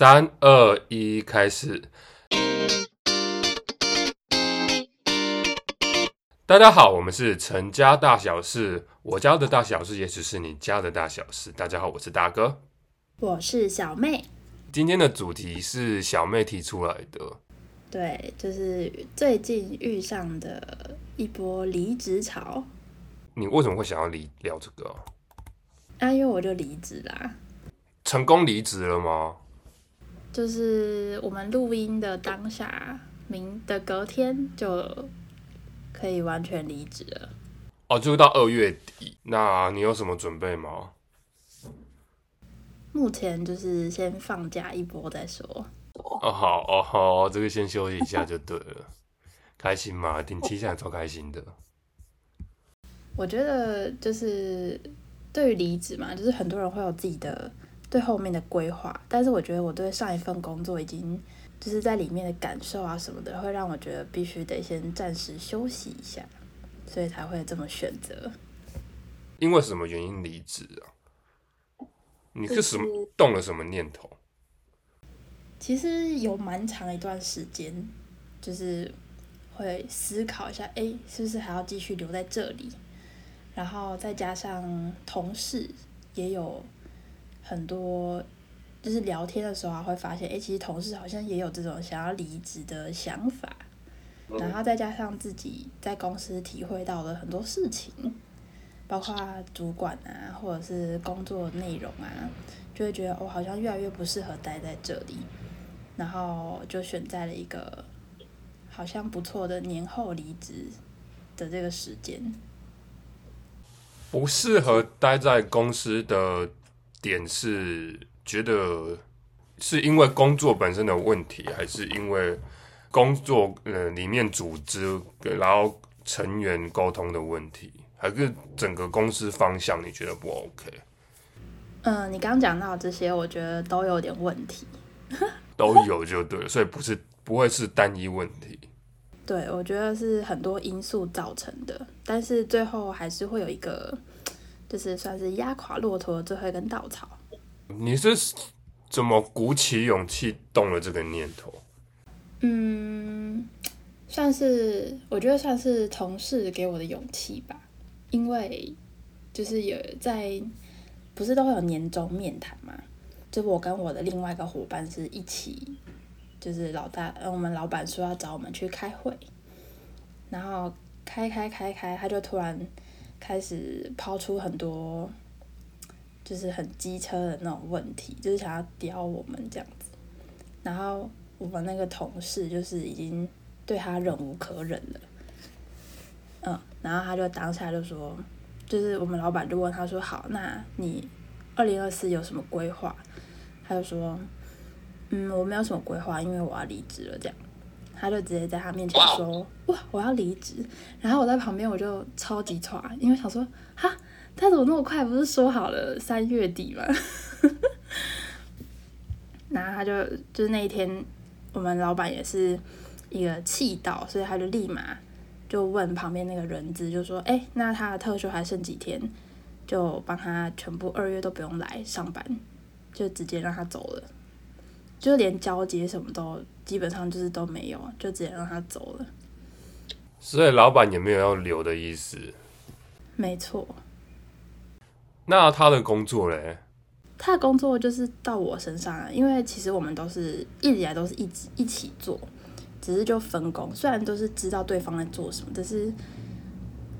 三二一，開始！大家好，我們是陳家大小事，我家的大小事也只是你家的大小事。大家好，我是大哥，我是小妹。今天的主題是小妹提出來的，對，就是最近遇上的一波離職潮。你為什麼會想要離聊這個啊？啊，因為我就離職啦。成功離職了嗎？就是我們錄音的當下，明的隔天就可以完全離職了。哦，就到二月底，那你有什麼準備嗎？目前就是先放假一波再說。哦，好哦，好，這個先休息一下就對了。 開心嘛，頂期下超開心的。我覺得就是對於離職嘛，就是很多人會有自己的。對後面的規劃，但是我覺得我對上一份工作已經就是在裡面的感受啊什麼的，會讓我覺得必須得先暫時休息一下，所以才會這麼選擇。因為什麼原因離職啊？你是什麼動了什麼念頭？其實有蠻長一段時間，就是會思考一下，哎，是不是還要繼續留在這裡？然後再加上同事也有。很多就是聊天的時候啊，會發現誒、欸，其實同事好像也有這種想要離職的想法，然後再加上自己在公司體會到了很多事情，包括主管啊，或者是工作內容啊，就會覺得我、哦、好像越來越不適合待在這裡，然後就選在了一個好像不錯的年後離職的這個時間，不適合待在公司的。點是覺得是因為工作本身的問題，還是因為工作呃裡面組織然後成員溝通的問題，還是整個公司方向你覺得不 OK？嗯、呃，你剛講到這些，我覺得都有點問題， 都有就對了，所以不是不會是單一問題。對，我覺得是很多因素造成的，但是最後還是會有一個。就是算是壓垮駱駝最後一根稻草。你是怎麼鼓起勇氣動了這個念頭？嗯，算是我覺得算是同事給我的勇氣吧。因為就是有在，不是都會有年終面談嘛？就我跟我的另外一個夥伴是一起，就是老大，我們老闆說要找我們去開會，然後開開開開，他就突然。開始拋出很多，就是很機車的那種問題，就是想要刁我們這樣子。然後我們那個同事就是已經對他忍無可忍了，嗯，然後他就當下就說，就是我們老板就問他說：“好，那你二零二四有什麼規劃？”他就說：“嗯，我沒有什麼規劃，因為我要離職了。”這樣。他就直接在他面前說：“哇，我要離職。”然後我在旁邊我就超級挫，因為想說：“哈，他怎麼那麼快？不是說好了三月底嗎？” 然後他就就是那一天，我們老闆也是一個氣到，所以他就立馬就問旁邊那個人質，就說：“哎、欸，那他的特殊還剩幾天？”就幫他全部二月都不用來上班，就直接讓他走了。就連交接什麼都基本上就是都沒有，就直接讓他走了。所以老闆也沒有要留的意思。沒錯。那他的工作嘞？他的工作就是到我身上了，因為其實我們都是一直來都是一起一起做，只是就分工。雖然都是知道對方在做什麼，但是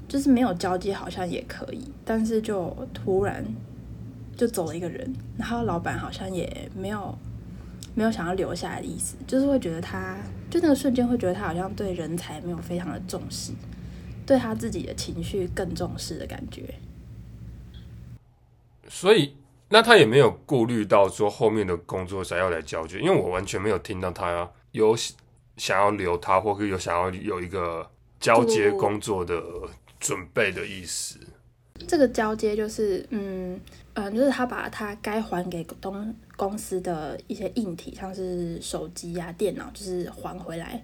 就是沒有交接，好像也可以。但是就突然就走了一個人，然後老闆好像也沒有。沒有想要留下來的意思，就是會覺得他，就那個瞬間會覺得他好像對人才沒有非常的重視，對他自己的情緒更重視的感覺。所以，那他也沒有顧慮到說後面的工作才要來交接，因為我完全沒有聽到他有想要留他，或者有想要有一個交接工作的準備的意思。這個交接就是，嗯。反正就是他把他該還給東公司的一些硬體，像是手機啊、電腦，就是還回來。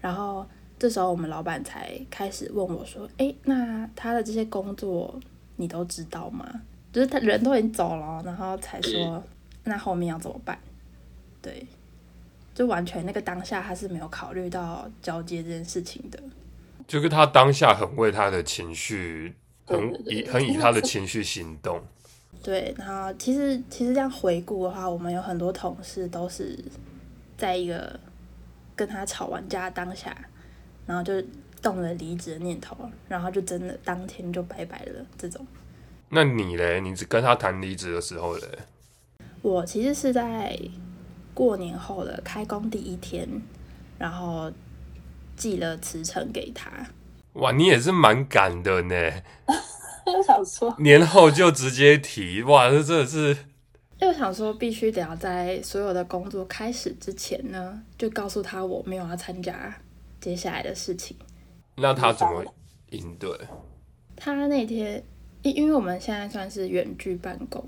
然後這時候我們老闆才開始問我說：“哎，那他的這些工作你都知道嗎？”就是他人都已經走了，然後才說：“那後面要怎麼辦？”對，就完全那個當下他是沒有考慮到交接這件事情的，就是他當下很為他的情緒，很以很以他的情緒行動。 對，然後其實其實這樣回顧的話，我們有很多同事都是在一個跟他吵完架當下，然後就動了離職的念頭，然後就真的當天就拜拜了。這種，那你嘞？你跟他談離職的時候嘞？我其實是在過年後的開工第一天，然後寄了辭呈給他。哇，你也是蠻趕的呢。 我想說，年後就直接提哇！這真的是，就想說，必須得要在所有的工作開始之前呢，就告訴他我沒有要參加接下來的事情。那他怎麼應對？ 他那天因因為我們現在算是遠距辦公，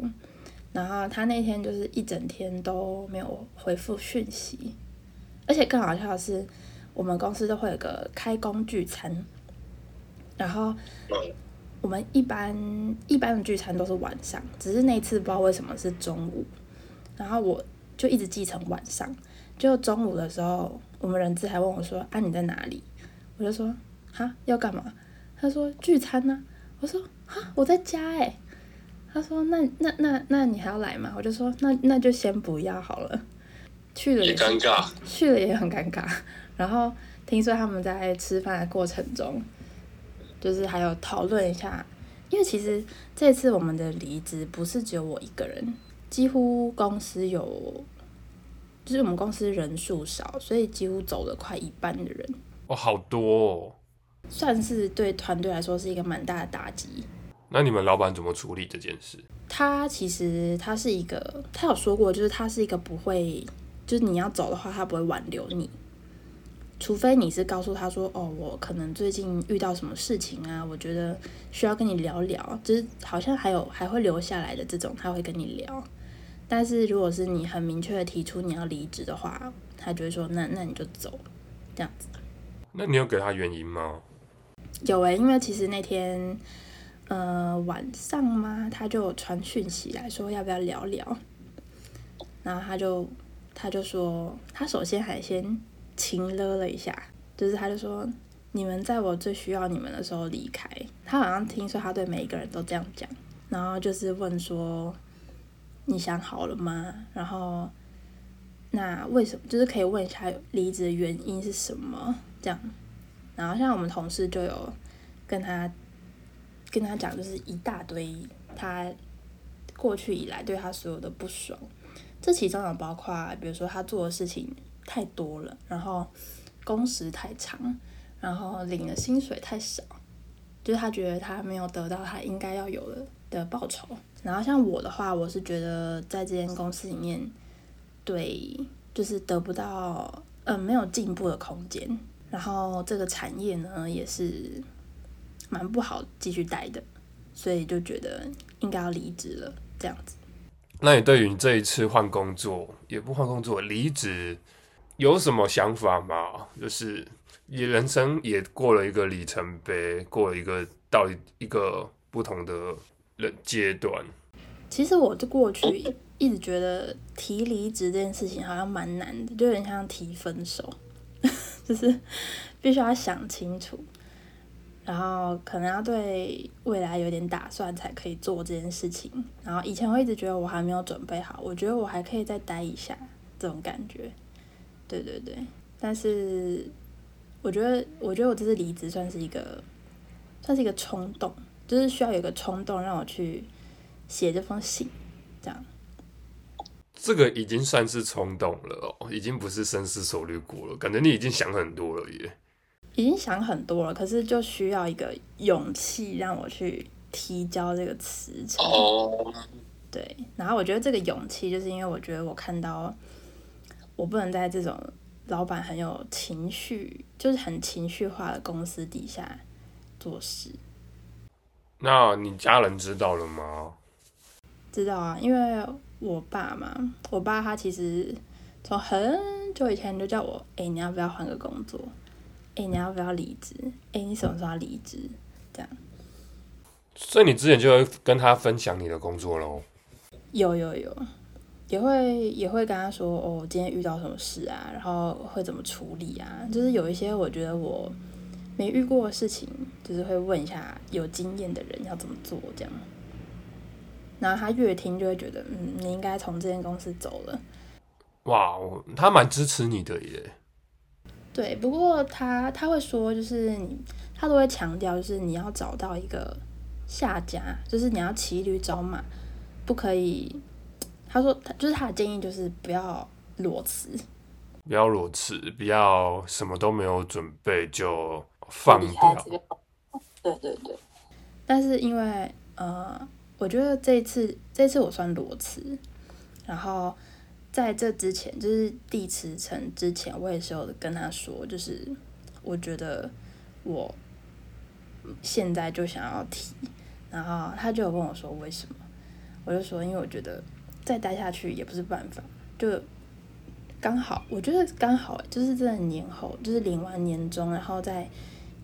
然後他那天就是一整天都沒有回復訊息，而且更好笑的是，我們公司都會有個開工聚餐，然後，嗯我們一般一般的聚餐都是晚上，只是那一次不知道為什麼是中午，然後我就一直記成晚上。就中午的時候，我們人資還問我說：“啊，你在哪裡？”我就說：“哈，要幹嘛？”他說：“聚餐呢、啊。”我說：“哈，我在家哎。”他說：“那那那那你還要來嗎？”我就說：“那那就先不要好了。”去了也，也尷尬，去了也很尷尬。然後聽說他們在吃飯的過程中。就是還有討論一下，因為其實這次我們的離職不是只有我一個人，幾乎公司有，就是我們公司人數少，所以幾乎走了快一半的人。哦，好多哦，算是對團隊來說是一個蠻大的打擊。那你們老闆怎麼處理這件事？他其實他是一個，他有說過，就是他是一個不會，就是你要走的話，他不會挽留你。除非你是告訴他說，哦，我可能最近遇到什麼事情啊，我覺得需要跟你聊聊，就是好像還有還會留下來的這種，他會跟你聊。但是如果是你很明確的提出你要離職的話，他就會說，那那你就走，這樣子。那你有給他原因嗎？有欸，因為其實那天，呃，晚上嘛，他就傳訊息來說要不要聊聊，然後他就他就說，他首先還先。情勒了一下，就是他就說：“你們在我最需要你們的時候離開。”他好像聽說他對每一個人都這樣講，然後就是問說：“你想好了嗎？”然後，那為什麼就是可以問一下離職的原因是什麼？這樣，然後像我們同事就有跟他跟他講，就是一大堆他過去以來對他所有的不爽，這其中有包括比如說他做的事情。太多了，然後工時太長，然後領的薪水太少，就是他覺得他沒有得到他應該要有的的報酬。然後像我的話，我是覺得在這間公司裡面，對，就是得不到，嗯、呃，沒有進步的空間。然後這個產業呢，也是蠻不好繼續待的，所以就覺得應該要離職了，這樣子。那你對於你這一次換工作，也不換工作，離職，有什麼想法嗎？就是你人生也過了一個里程碑，過了一個到一個不同的階段。其實我這過去一直覺得提離職這件事情好像蠻難的，就有點像提分手，就是必須要想清楚，然後可能要對未來有點打算才可以做這件事情。然後以前我一直覺得我還沒有準備好，我覺得我還可以再待一下，這種感覺。對對對，但是我覺得，我覺得我這次離職算是一個，算是一個衝動，就是需要有一個衝動讓我去寫這封信，這樣。這個已經算是衝動了哦，已經不是深思熟慮過了，感覺你已經想很多了耶。已經想很多了，可是就需要一個勇氣讓我去提交這個辭呈。哦。對，然後我覺得這個勇氣，就是因為我覺得我看到。我不能在這種老闆很有情緒，就是很情緒化的公司底下做事。那你家人知道了嗎？知道啊，因為我爸嘛，我爸他其實從很久以前就叫我，哎、欸，你要不要換個工作？哎、欸，你要不要離職？哎、欸，你什麼時候要離職？這樣。所以你之前就會跟他分享你的工作咯。有有有。也會也會跟他說哦，今天遇到什麼事啊，然後會怎麼處理啊？就是有一些我覺得我沒遇過的事情，就是會問一下有經驗的人要怎麼做這樣。然後他越聽就會覺得，嗯，你應該從這間公司走了。哇，他蠻支持你的耶。對，不過他他會說，就是他都會強調，就是你要找到一個下家，就是你要騎驢找馬，不可以。他說：“他就是他的建議，就是不要裸辭，不要裸辭，不要什麼都沒有準備就放掉。”對對對。但是因為呃，我覺得這一次這一次我算裸辭，然後在這之前就是遞辭呈之前，我也是有跟他說，就是我覺得我現在就想要提，然後他就有問我說為什麼，我就說因為我覺得。再待下去也不是辦法，就剛好，我覺得剛好，就是在年後，就是領完年終，然後在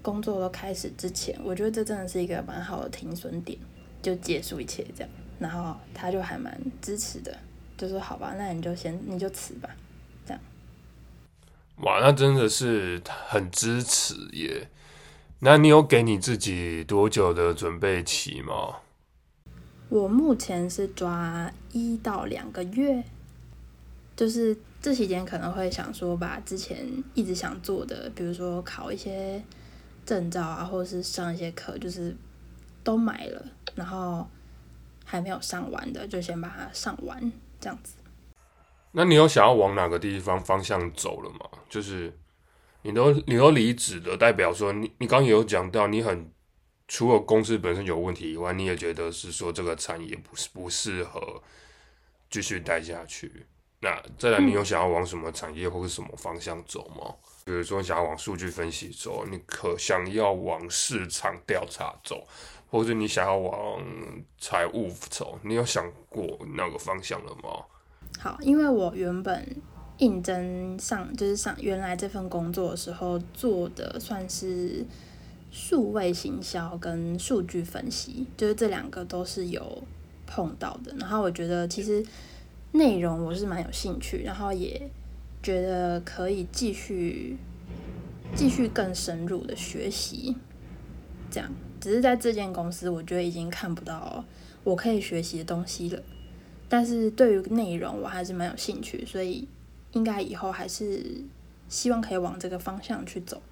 工作都開始之前，我覺得這真的是一個蠻好的停損點，就結束一切這樣。然後他就還蠻支持的，就說好吧，那你就先你就辭吧，這樣。哇，那真的是很支持耶！那你有給你自己多久的準備期嗎？我目前是抓一到兩個月，就是這期間可能會想說把之前一直想做的，比如說考一些證照啊，或者是上一些課，就是都買了，然後還沒有上完的，就先把它上完這樣子。那你有想要往哪個地方方向走了嗎？就是你都你都離職的，代表說你你剛剛有講到你很。除了公司本身有問題以外，你也覺得是說這個產業不是不適合繼續待下去？那再來，你有想要往什麼產業或者什麼方向走嗎？嗯、比如說，想要往數據分析走，你可想要往市場調查走，或者你想要往財務走？你有想過那個方向了嗎？好，因為我原本應徵上就是上原來這份工作的時候做的算是。數位行銷跟數據分析，就是這兩個都是有碰到的。然後我覺得其實內容我是蠻有興趣，然後也覺得可以繼續繼續更深入的學習。這樣，只是在這間公司，我覺得已經看不到我可以學習的東西了。但是對於內容，我還是蠻有興趣，所以應該以後還是希望可以往這個方向去走。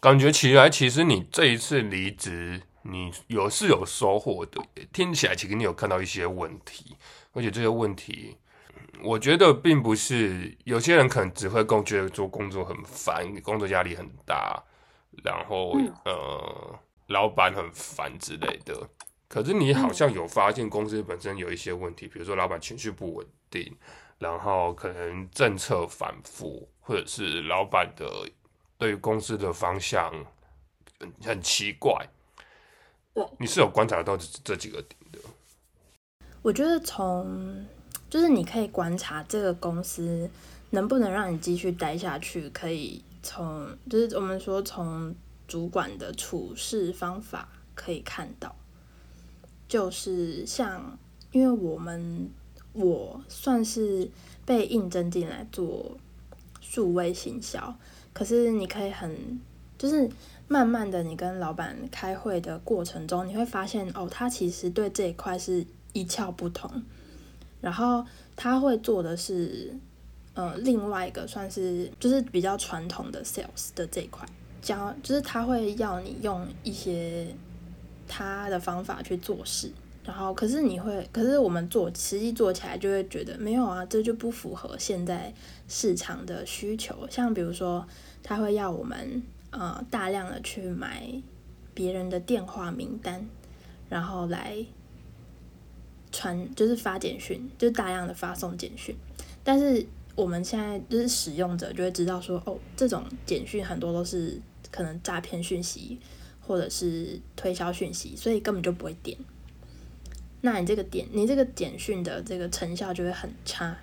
感覺起來，其實你這一次離職，你有是有收穫的。聽起來，其實你有看到一些問題，而且這些問題，我覺得並不是有些人可能只會覺得做工作很煩，工作壓力很大，然後呃，老板很煩之類的。可是你好像有發現公司本身有一些問題，比如說老板情緒不穩定，然後可能政策反覆，或者是老板的。對於公司的方向很很奇怪，對你是有觀察到這幾個點的。我覺得從就是你可以觀察這個公司能不能讓你繼續待下去，可以從就是我們說從主管的處事方法可以看到，就是像因為我們我算是被應徵進來做數位行銷。可是你可以很，就是慢慢的，你跟老闆開會的過程中，你會發現哦，他其實對這一塊是一竅不通，然後他會做的是，呃，另外一個算是就是比較傳統的 sales 的這一塊，教就是他會要你用一些他的方法去做事。然後，可是你會，可是我們做，實際做起來，就會覺得沒有啊，這就不符合現在市場的需求。像比如說，他會要我們呃大量的去買別人的電話名單，然後來傳，就是發簡訊，就大量的發送簡訊。但是我們現在就是使用者就會知道說，哦，這種簡訊很多都是可能詐騙訊息或者是推銷訊息，所以根本就不會點。那你這個點，你這個簡訊的這個成效就會很差，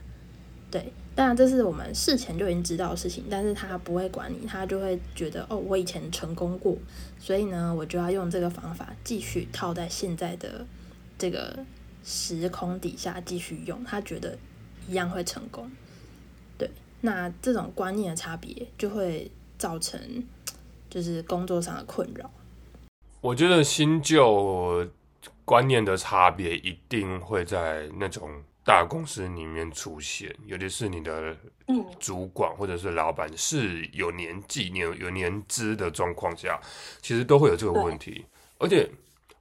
對。當然這是我們事前就已經知道的事情，但是他不會管你，他就會覺得哦，我以前成功過，所以呢，我就要用這個方法繼續套在現在的這個時空底下繼續用，他覺得一樣會成功。對，那這種觀念的差別就會造成，就是工作上的困擾。我覺得新舊。觀念的差別一定會在那種大公司裡面出現，尤其是你的主管或者是老闆、嗯、是有年紀、有有年資的狀況下，其實都會有這個問題。而且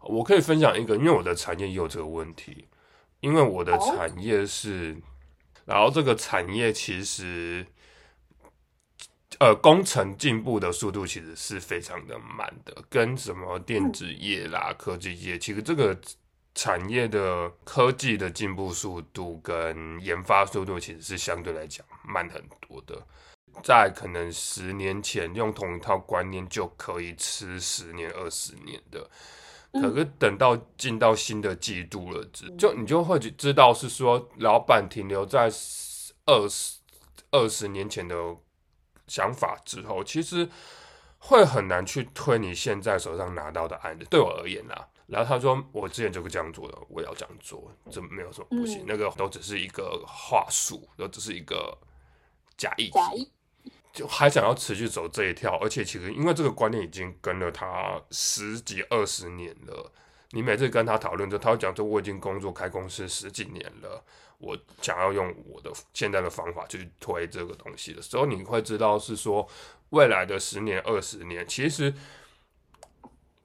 我可以分享一個，因為我的產業也有這個問題，因為我的產業是，哦、然後這個產業其實。呃，工程進步的速度其實是非常的慢的，跟什麼電子業啦、嗯、科技業，其實這個產業的科技的進步速度跟研發速度，其實是相對來講慢很多的。在可能十年前用同一套觀念就可以吃十年、二十年的，可是等到進到新的季度了，就你就會知道是說老板停留在二十二十年前的想法之後，其實會很難去推你現在手上拿到的案子。對我而言啊，然後他說我之前就不這樣做了，我要這樣做，這沒有什麼不行，嗯，那個都只是一個話術，都只是一個假意，假意就還想要持續走這一條，而且其實因為這個觀念已經跟了他十幾二十年了，你每次跟他討論，就他會講說我已經工作開公司十幾年了。我想要用我的現在的方法去推這個東西的時候，你會知道是說未來的十年、二十年，其實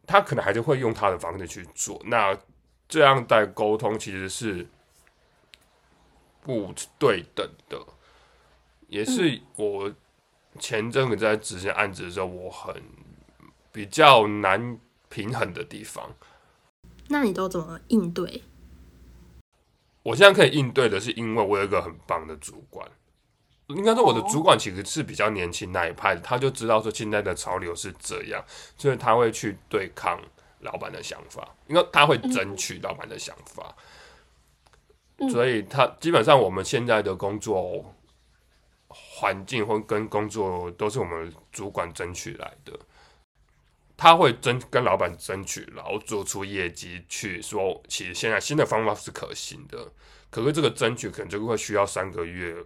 他可能還是會用他的方式去做。那這樣在溝通其實是不對等的，也是我前陣子在執行案子的時候，我很比較難平衡的地方。那你都怎麼應對？我現在可以應對的，是因為我有一個很棒的主管，應該說我的主管其實是比較年輕那一派的，他就知道說，現在的潮流是這樣，所以他會去對抗老闆的想法，因為他會爭取老闆的想法，所以他基本上我們現在的工作環境或跟工作都是我們主管爭取來的。他會爭跟老闆爭取，然後做出業績去說，其實現在新的方法是可行的。可是這個爭取可能就會需要三個月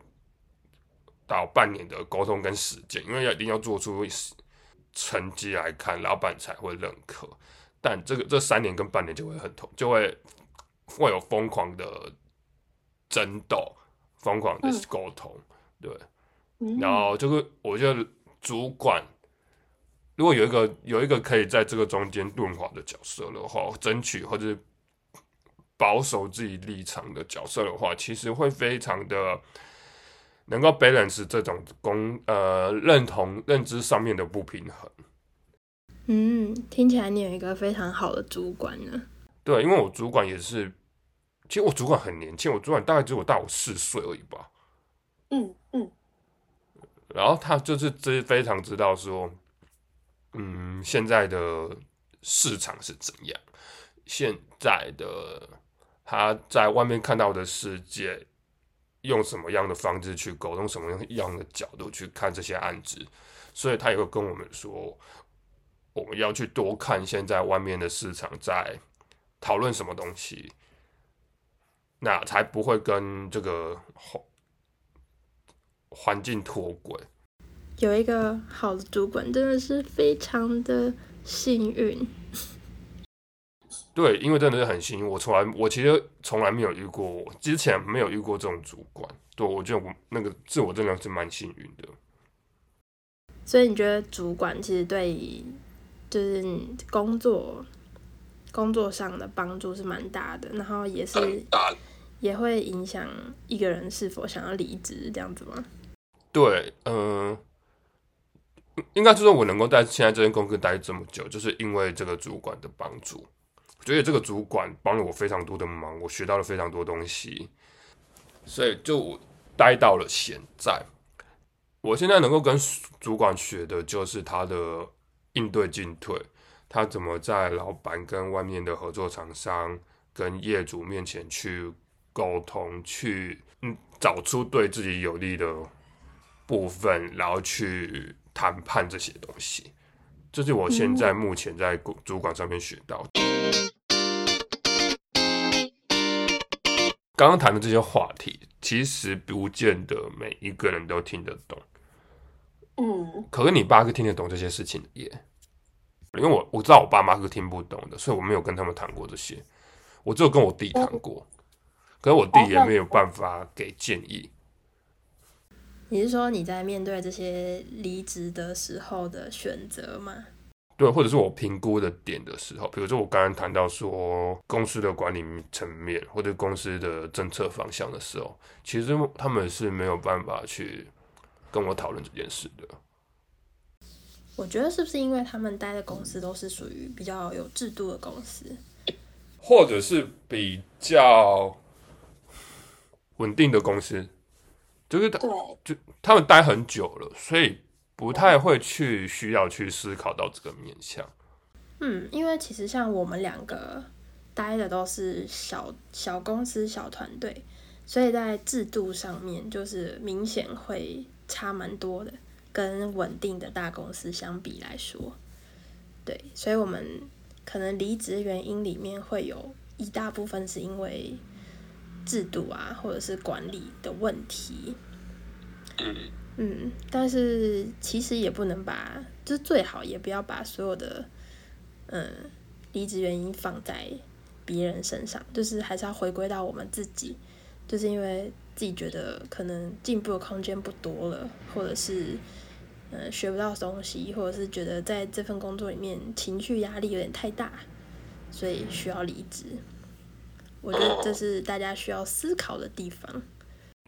到半年的溝通跟時間，因為要一定要做出成績來看，老闆才會認可。但這個這三年跟半年就會很痛，就會會有瘋狂的爭鬥，瘋狂的溝通，嗯、對。然後就是我就主管。如果有一個有一個可以在這個中間潤滑的角色的話，爭取或者保守自己立場的角色的話，其實會非常的能夠 balance 這種公呃認同認知上面的不平衡。嗯，聽起來你有一個非常好的主管呢。對，因為我主管也是，其實我主管很年輕，我主管大概只有大我四歲而已吧。嗯嗯。然後他就是知非常知道說。現在的市場是怎樣？現在的他在外面看到的世界，用什麼樣的方式去溝通？什麼樣的角度去看這些案子？所以他也會跟我們說，我們要去多看現在外面的市場在討論什麼東西，那才不會跟這個環環境脫軌。有一個好的主管，真的是非常的幸運。對，因為真的是很幸運，我從來我其實從來沒有遇過，之前沒有遇過這種主管。對，我覺得我那個自我真的是蠻幸運的。所以你覺得主管其實對於就是工作工作上的幫助是蠻大的，然後也是、呃呃、也會影響一個人是否想要離職這樣子嗎？對，嗯、呃。應該就是我能夠在現在這間公司待這麼久，就是因為這個主管的幫助。我覺得這個主管幫了我非常多的忙，我學到了非常多東西，所以就待到了現在。我現在能夠跟主管學的，就是他的應對進退，他怎麼在老闆跟外面的合作廠商、跟業主面前去溝通，去嗯找出對自己有利的部分，然後去。談判這些東西，這、就是我現在目前在主管上面學到的。剛剛談的這些話題，其實不見得每一個人都聽得懂。嗯，可是你爸是聽得懂這些事情的耶，因為我我知道我爸媽是聽不懂的，所以我沒有跟他們談過這些，我只有跟我弟談過、嗯，可是我弟也沒有辦法給建議。你是說你在面對這些離職的時候的選擇嗎？對，或者是我評估的點的時候，比如說我剛剛談到說公司的管理層面或者公司的政策方向的時候，其實他們是沒有辦法去跟我討論這件事的。我覺得是不是因為他們待的公司都是屬於比較有制度的公司，或者是比較穩定的公司？就是他，對，就他們待很久了，所以不太會去需要去思考到這個面向。嗯，因為其實像我們兩個待的都是小小公司、小團隊，所以在制度上面就是明顯會差蠻多的，跟穩定的大公司相比來說，對，所以我們可能離職原因裡面會有一大部分是因為。制度啊，或者是管理的問題，嗯，嗯，但是其實也不能把，就是最好也不要把所有的，嗯，離職原因放在別人身上，就是還是要回歸到我們自己，就是因為自己覺得可能進步的空間不多了，或者是，嗯，學不到東西，或者是覺得在這份工作裡面情緒壓力有點太大，所以需要離職。我覺得這是大家需要思考的地方。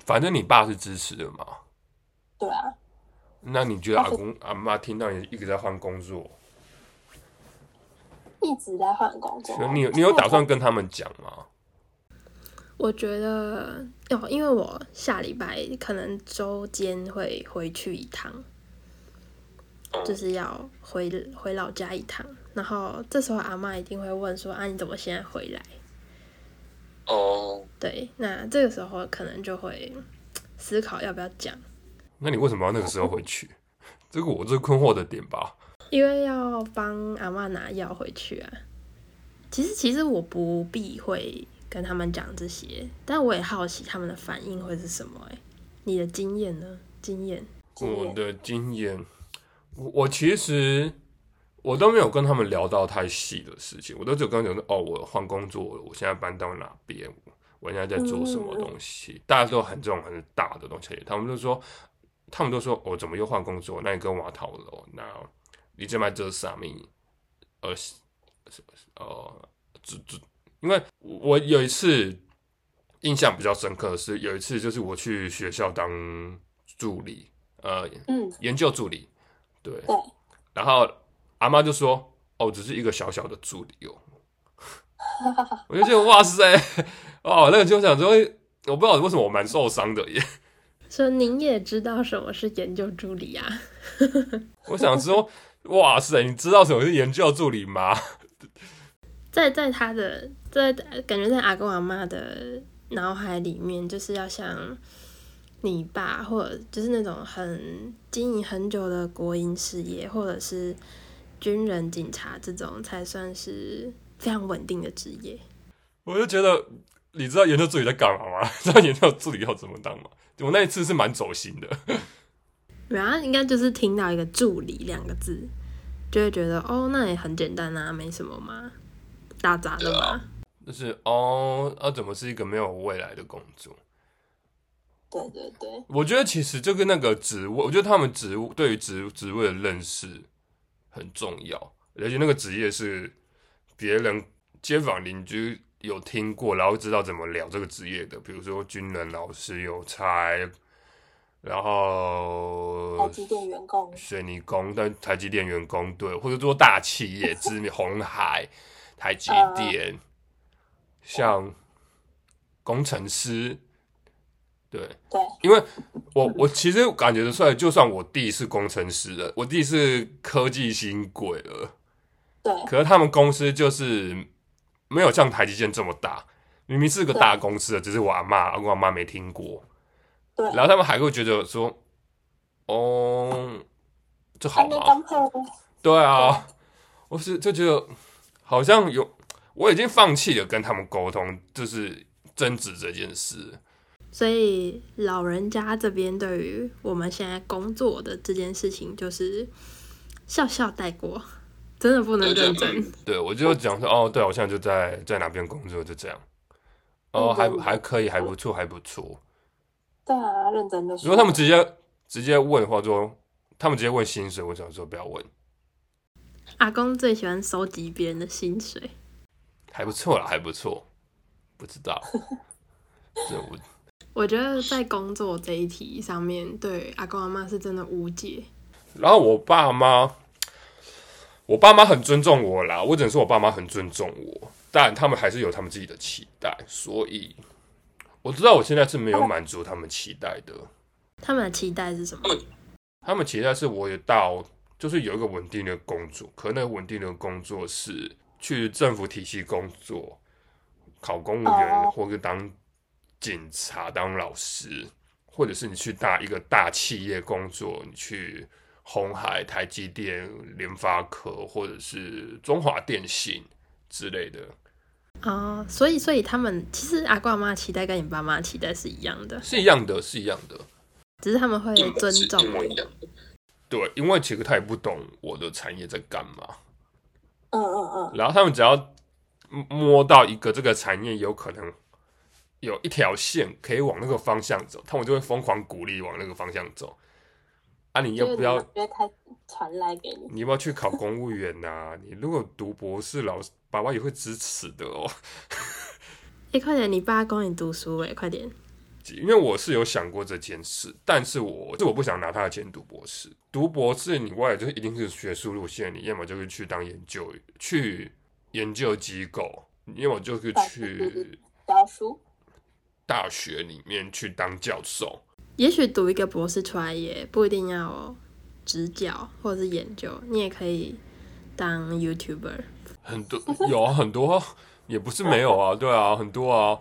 反正你爸是支持的嘛。對啊。那你覺得阿公阿嬤聽到你一直在換工作，一直在換工作，你有你有打算跟他們講嗎？ 我覺得，哦，因為我下禮拜可能周間會回去一趟， 就是要回回老家一趟。然後這時候阿嬤一定會問說：“啊，你怎麼現在回來？”哦、oh.，對，那這個時候可能就會思考要不要講。那你為什麼要那個時候回去？ 這個我最困惑的點吧，因為要幫阿媽拿藥回去啊。其實，其實我不避諱跟他們講這些，但我也好奇他們的反應會是什麼、欸。哎，你的經驗呢？經驗？我的經驗，我我其實。我都沒有跟他們聊到太細的事情，我都只有跟他們說哦，我換工作了，我現在搬到哪邊，我現在在做什麼東西，大家都很這種很大的東西。他們都說，他們都說，我、哦、怎麼又換工作？那你跟我討論，那你在賣這啥命？呃，呃，這、呃、這、呃呃呃，因為我有一次印象比較深刻的是，有一次就是我去學校當助理，呃，嗯，研究助理，對，然後。阿媽就說：“哦，只是一個小小的助理哦。 ”我就覺得：“哇塞！”哦，那個就想說，我不知道為什麼我蠻受傷的耶。說您也知道什麼是研究助理啊？ 我想說：“哇塞，你知道什麼是研究助理嗎？” 在在他的在感覺在阿公阿媽的腦海裡面，就是要像你爸，或者就是那種很經營很久的國營事業，或者是。軍人、警察這種才算是非常穩定的職業。我就覺得，你知道研究助理在幹嘛嗎？ 知道研究助理要怎麼當嗎？我那一次是蠻走心的。沒有，應該就是聽到一個“助理”兩個字，就會覺得哦，那也很簡單啊，沒什麼嘛，打雜的嘛。Yeah. 就是哦，oh, 啊，怎麼是一個沒有未來的工作？對對對，我覺得其實就跟那個職，我覺得他們職務對於職職位的認識。很重要，而且那個職業是別人街坊鄰居有聽過，然後知道怎麼聊這個職業的。比如說軍人、老師、有才，然後台積電員工、水泥工，但台積電員工對，或者做大企業，知名 鴻海、台積電、呃，像工程師。對對，因為我我其實感覺得出來，就算我弟是工程師了，我弟是科技新貴了，對，可是他們公司就是沒有像台積電這麼大，明明是個大公司的，只是我阿媽、啊、我阿媽沒聽過，對，然後他們還會覺得說，哦，這、啊、好嘛、啊？對啊，對我是就覺得好像有，我已經放棄了跟他們溝通，就是爭執這件事。所以老人家這邊對於我們現在工作的這件事情，就是笑笑帶過，真的不能認真的、嗯。對，我就講說哦，對，我現在就在在哪邊工作，就這樣。哦，還還可以，還不錯，還不錯、嗯。對、啊，然，認真的。如果他們直接直接問的話說，說他們直接問薪水，我想說不要問。阿公最喜歡收集別人的薪水。還不錯啦，還不錯。不知道，這 我。我覺得在工作這一題上面對阿公阿媽是真的無解。然後我爸媽，我爸媽很尊重我啦。我只能說，我爸媽很尊重我，但他們還是有他們自己的期待。所以我知道，我現在是沒有滿足他們期待的。他們的期待是什麼？嗯、他們期待是我有到，就是有一個穩定的工作。可能穩定的工作是去政府體系工作，考公務員或是當。哦警察當老師，或者是你去大一個大企業工作，你去鴻海、台積電、聯發科，或者是中華電信之類的。啊，所以所以他們其實阿瓜阿媽期待跟你爸媽期待是一樣的，是一樣的，是一樣的，只是他們會尊重的。對，因為其實他也不懂我的產業在幹嘛。哦哦哦，然後他們只要摸到一個這個產業，有可能。有一條線可以往那個方向走，他們就會瘋狂鼓勵往那個方向走。啊你你你，你要不要？你。你要不要去考公務員吶、啊？ 你如果讀博士，老爸爸也會支持的哦。哎、 欸，快點！你爸供你讀書哎，快點。因為我是有想過這件事，但是我是我不想拿他的錢讀博士。讀博士你未來，就是一定是學術路線，你要麼就是去當研究員去研究機構，你要麼就是去教書。大學裡面去當教授，也許讀一個博士出來也不一定要執教或者是研究，你也可以當 YouTuber。很多有啊，很多也不是沒有啊、哦，對啊，很多啊。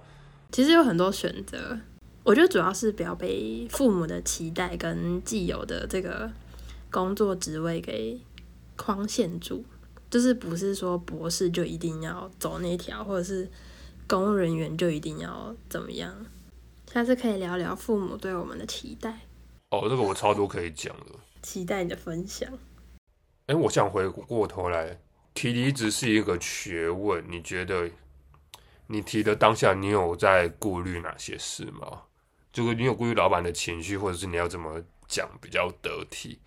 其實有很多選擇，我覺得主要是不要被父母的期待跟既有的這個工作職位給框限住，就是不是說博士就一定要走那條，或者是。公務人員就一定要怎麼樣？下次可以聊聊父母對我們的期待。哦，這個我超多可以講的。 期待你的分享。哎、欸，我想回過頭來，提離職是一個學問。你覺得你提的當下，你有在顧慮哪些事嗎？就是你有顧慮老板的情緒，或者是你要怎麼講比較得體？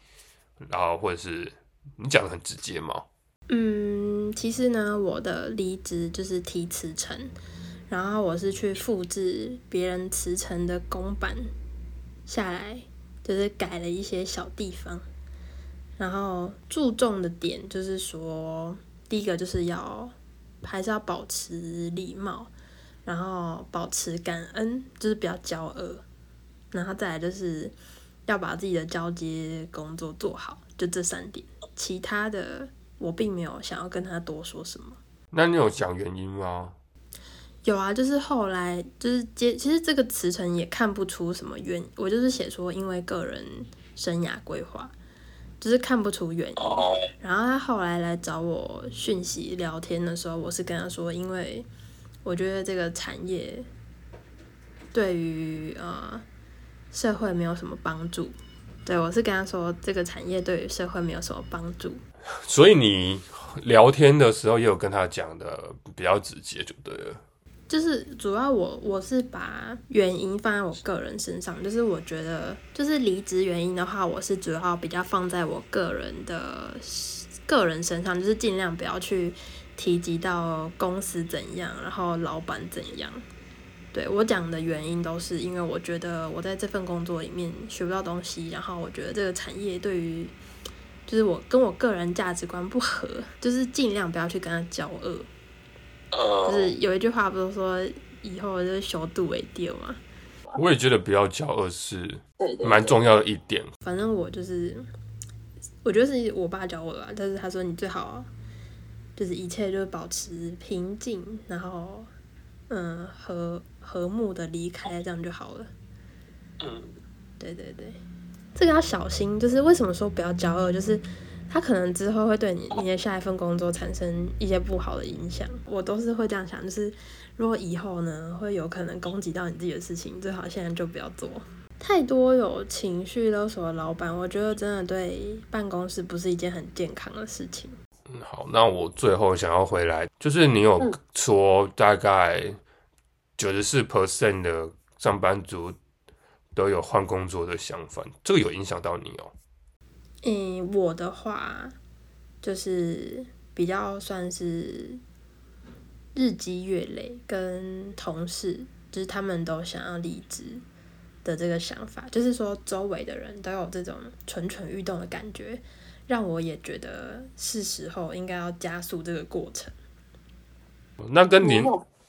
然後，或者是你講的很直接嗎？嗯，其實呢，我的離職就是提辭呈，然後我是去複製別人辭呈的公版下來，就是改了一些小地方，然後注重的點就是說，第一個就是要還是要保持禮貌，然後保持感恩，就是不要驕傲，然後再來就是要把自己的交接工作做好，就這三點，其他的。我並沒有想要跟他多說什麼。那你有講原因嗎？有啊，就是後來就是接，其實這個辭呈也看不出什麼原因，我就是寫說因為個人生涯規劃，就是看不出原因。Oh. 然後他後來來找我訊息聊天的時候，我是跟他說，因為我覺得這個產業對於呃社會沒有什麼幫助。對，我是跟他說，這個產業對於社會沒有什麼幫助。所以你聊天的時候也有跟他講的比較直接，就對了。就是主要我我是把原因放在我個人身上，就是我覺得就是離職原因的話，我是主要比較放在我個人的個人身上，就是盡量不要去提及到公司怎樣，然後老闆怎樣。對，我講的原因都是因為我覺得我在這份工作裡面學不到東西，然後我覺得這個產業對於。就是我跟我個人價值觀不合，就是盡量不要去跟他交惡。Oh. 就是有一句話不是說，以後就是小肚為定嘛。我也覺得不要交惡是，蠻重要的一點。對對對。反正我就是，我覺得是我爸教我的，但是他說你最好，就是一切就是保持平靜，然後嗯和和睦的離開，這樣就好了。嗯。對對對。這個要小心，就是為什麼說不要驕傲，就是他可能之後會對你，你的下一份工作產生一些不好的影響。我都是會這樣想，就是如果以後呢會有可能攻擊到你自己的事情，最好現在就不要做。太多有情緒勒索的老闆，我覺得真的對辦公室不是一件很健康的事情。嗯，好，那我最後想要回來，就是你有說大概九十四 percent 的上班族，都有換工作的想法，這個有影響到你哦？嗯，我的話就是比較算是日積月累，跟同事就是他們都想要離職的這個想法，就是說周圍的人都有這種蠢蠢欲動的感覺，讓我也覺得是時候應該要加速這個過程。那跟年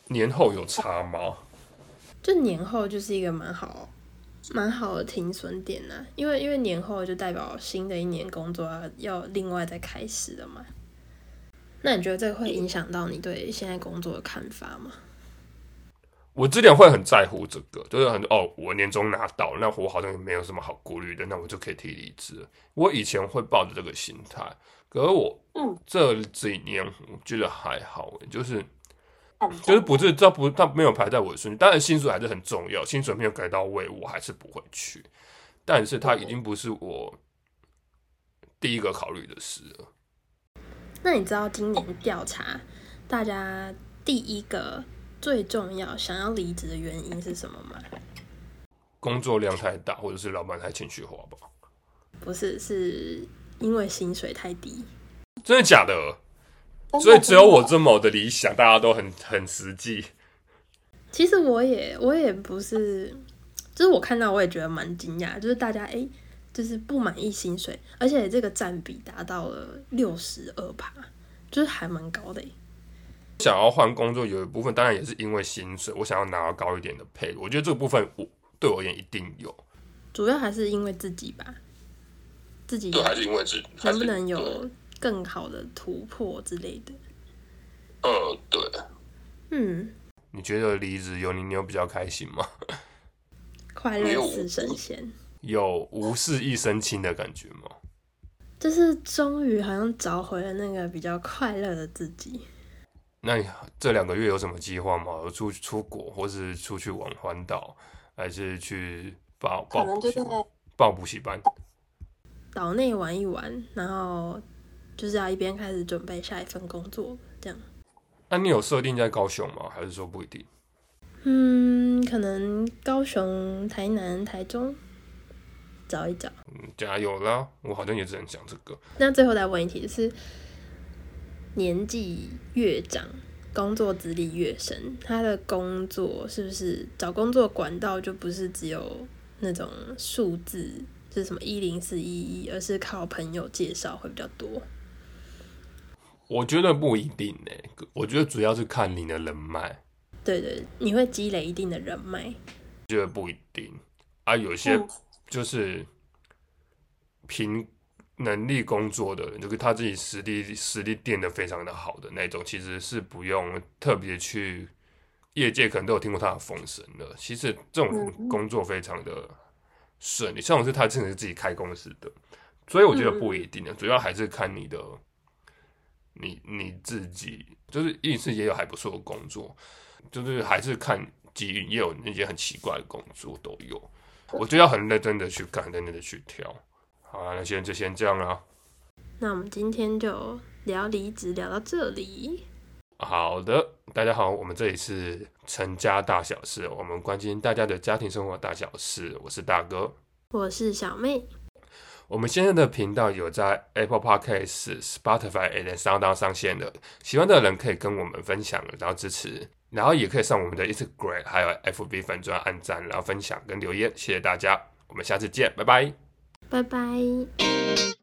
年後有差嗎？就年後就是一個蠻好。蠻好的停損點呢、啊，因為因為年後就代表新的一年工作、啊、要另外再開始了嘛。那你覺得這個會影響到你對現在工作的看法嗎？我之前會很在乎這個，就是很多哦，我年終拿到，那我好像也沒有什麼好顧慮的，那我就可以提離職。我以前會抱着這個心態，可是我嗯這幾年、嗯、我覺得還好、欸，就是。嗯、就是不是，他不，他沒有排在我的順序。當然，薪水還是很重要，薪水沒有改到位，我還是不會去。但是，他已經不是我第一個考慮的事了。那你知道今年調查大家第一個最重要想要離職的原因是什麼嗎？工作量太大，或者是老板太情緒化吧？不是，是因為薪水太低。真的假的？所以只有我這麼的理想，大家都很很實際。其實我也我也不是，就是我看到我也覺得蠻驚訝，就是大家哎、欸，就是不滿意薪水，而且這個占比達到了六十二趴，就是還蠻高的、欸。想要換工作有一部分，當然也是因為薪水，我想要拿到高一點的配。我覺得這個部分我對我也一定有。主要還是因為自己吧，自己對還是因為自己還能不能有？更好的突破之類的。嗯、呃，對。嗯，你覺得離職有你你有比較開心嗎？ 快樂似神仙、呃，有無事一身輕的感覺嗎？就是終於好像找回了那個比較快樂的自己。這那，自己那這兩個月有什麼計劃嗎？有出出國，或是出去玩環島，還是去報報？可能就在報補習班。島內玩一玩，然後。就是要一邊開始準備下一份工作，這樣。那、啊、你有設定在高雄嗎？還是說不一定？嗯，可能高雄、台南、台中找一找。嗯，加油啦！我好像也只能講這個。那最後再問一題，是年紀越長，工作資歷越深，他的工作是不是找工作管道就不是只有那種數字，就是什麼一零四一一，而是靠朋友介紹會比較多？我覺得不一定呢、欸，我覺得主要是看你的人脈。對，對對，你會積累一定的人脈。覺得不一定，啊，有些就是憑能力工作的人、嗯，就是他自己實力實力墊的非常的好的那種，其實是不用特別去，業界可能都有聽過他的風聲的。其實這種工作非常的順利、嗯，像我是他真的是自己開公司的，所以我覺得不一定呢、嗯，主要還是看你的。你你自己就是意思也有還不錯的工作，就是還是看機遇，也有那些很奇怪的工作都有，我就要很認真地去看，認真的去挑。好啊，那今天就先這樣啦。那我們今天就聊離職，聊到這裡。好的，大家好，我們這裡是成家大小事，我們關心大家的家庭生活大小事。我是大哥，我是小妹。我們現在的頻道有在 Apple Podcast、Spotify、SoundOn 上線了，喜歡的人可以跟我們分享，然後支持，然後也可以上我們的 Instagram，還有 FB 粉專按讚，然後分享跟留言，謝謝大家，我們下次見，拜拜，拜拜。